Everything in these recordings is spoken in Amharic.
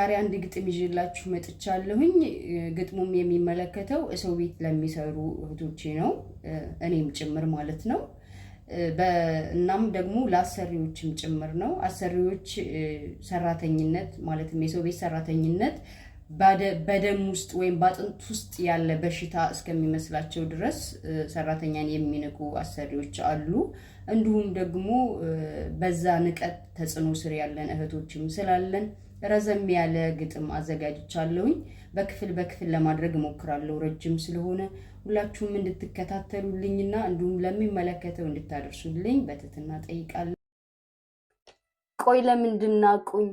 ዛሬ አንድ ግጥም ይዤላችሁ መጥቻለሁኝ። ግጥሙም የሚመለከተው ሰው ቤት ለሚሰሩ እህቶቼ ነው፣ እኔም ጭምር ማለት ነው። እናም ደግሞ ለአሰሪዎችም ጭምር ነው። አሰሪዎች ሰራተኝነት ማለትም የሰው ቤት ሰራተኝነት በደም ውስጥ ወይም በአጥንት ውስጥ ያለ በሽታ እስከሚመስላቸው ድረስ ሰራተኛን የሚንቁ አሰሪዎች አሉ። እንዲሁም ደግሞ በዛ ንቀት ተጽዕኖ ስር ያለን እህቶችም ስላለን ረዘም ያለ ግጥም አዘጋጅቻለሁኝ። በክፍል በክፍል ለማድረግ እሞክራለሁ። ረጅም ስለሆነ ሁላችሁም እንድትከታተሉልኝና እንዲሁም ለሚመለከተው እንድታደርሱልኝ በትህትና ጠይቃለሁ። ቆይ ለምንድን ናቁኝ?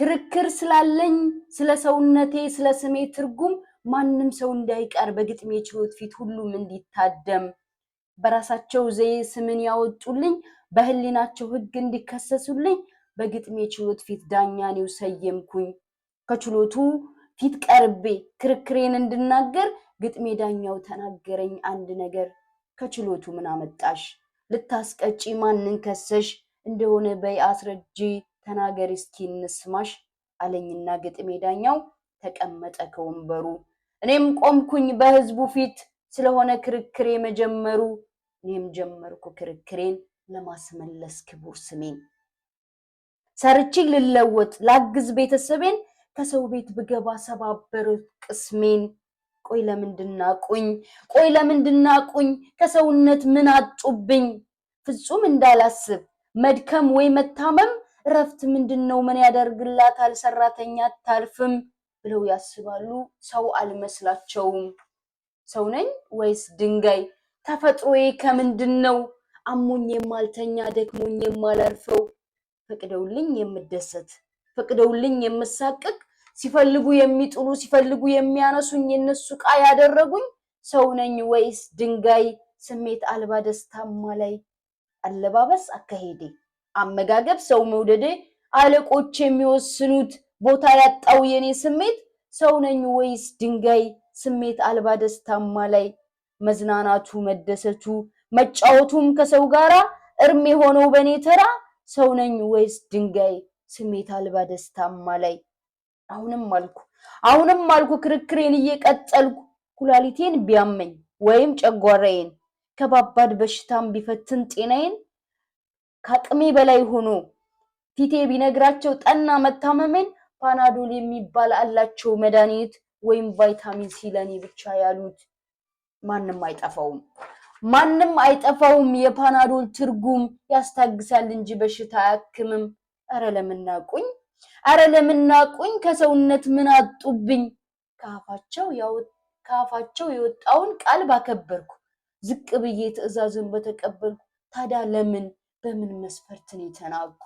ክርክር ስላለኝ ስለ ሰውነቴ፣ ስለ ስሜ ትርጉም ማንም ሰው እንዳይቀር በግጥሜ ችሎት ፊት ሁሉም እንዲታደም በራሳቸው ዘዬ ስምን ያወጡልኝ በህሊናቸው ህግ እንዲከሰሱልኝ በግጥሜ ችሎት ፊት ዳኛን ሰየምኩኝ። ከችሎቱ ፊት ቀርቤ ክርክሬን እንድናገር ግጥሜ ዳኛው ተናገረኝ አንድ ነገር። ከችሎቱ ምን አመጣሽ? ልታስቀጪ ማንን ከሰሽ? እንደሆነ በይ አስረጂ ተናገር እስኪ እንስማሽ አለኝና ግጥሜ ዳኛው ተቀመጠ ከወንበሩ። እኔም ቆምኩኝ በህዝቡ ፊት ስለሆነ ክርክሬ መጀመሩ። እኔም ጀመርኩ ክርክሬን ለማስመለስ ክቡር ስሜን ሰርቼ ልለወጥ ላግዝ ቤተሰቤን ከሰው ቤት ብገባ ሰባበር ቅስሜን። ቆይ ለምንድናቁኝ? ቆይ ለምንድናቁኝ? ከሰውነት ምን አጡብኝ? ፍጹም እንዳላስብ መድከም ወይ መታመም እረፍት ምንድን ነው? ምን ያደርግላታል? ሰራተኛ አታልፍም ብለው ያስባሉ። ሰው አልመስላቸውም። ሰው ነኝ ወይስ ድንጋይ? ተፈጥሮዬ ከምንድን ነው? አሞኝ የማልተኛ ደክሞኝ የማላርፈው ፈቅደውልኝ የምደሰት ፈቅደውልኝ የምሳቀቅ ሲፈልጉ የሚጥሉ ሲፈልጉ የሚያነሱኝ የነሱ ዕቃ ያደረጉኝ ሰው ነኝ ወይስ ድንጋይ? ስሜት አልባ ደስታማ ላይ አለባበስ፣ አካሄዴ፣ አመጋገብ፣ ሰው መውደዴ አለቆች የሚወስኑት ቦታ ያጣው የኔ ስሜት ሰው ነኝ ወይስ ድንጋይ? ስሜት አልባ ደስታማ ላይ መዝናናቱ፣ መደሰቱ፣ መጫወቱም ከሰው ጋራ እርም የሆነው በእኔ ተራ ሰው ነኝ ወይስ ድንጋይ? ስሜት አልባ ደስታማ ላይ አሁንም አልኩ አሁንም አልኩ ክርክሬን እየቀጠልኩ ኩላሊቴን ቢያመኝ ወይም ጨጓራዬን ከባባድ በሽታም ቢፈትን ጤናዬን ከአቅሜ በላይ ሆኖ ፊቴ ቢነግራቸው ጠና መታመሜን ፓናዶል የሚባል አላቸው መድኃኒት ወይም ቫይታሚን ሲ ለኔ ብቻ ያሉት ማንም አይጠፋውም። ማንም አይጠፋውም። የፓናዶል ትርጉም ያስታግሳል እንጂ በሽታ አያክምም። አረ ለምናቁኝ፣ አረ ለምናቁኝ፣ ከሰውነት ምን አጡብኝ? ከአፋቸው የወጣውን ቃል ባከበርኩ፣ ዝቅ ብዬ ትዕዛዝን በተቀበልኩ፣ ታዲያ ለምን በምን መስፈርትን የተናቁ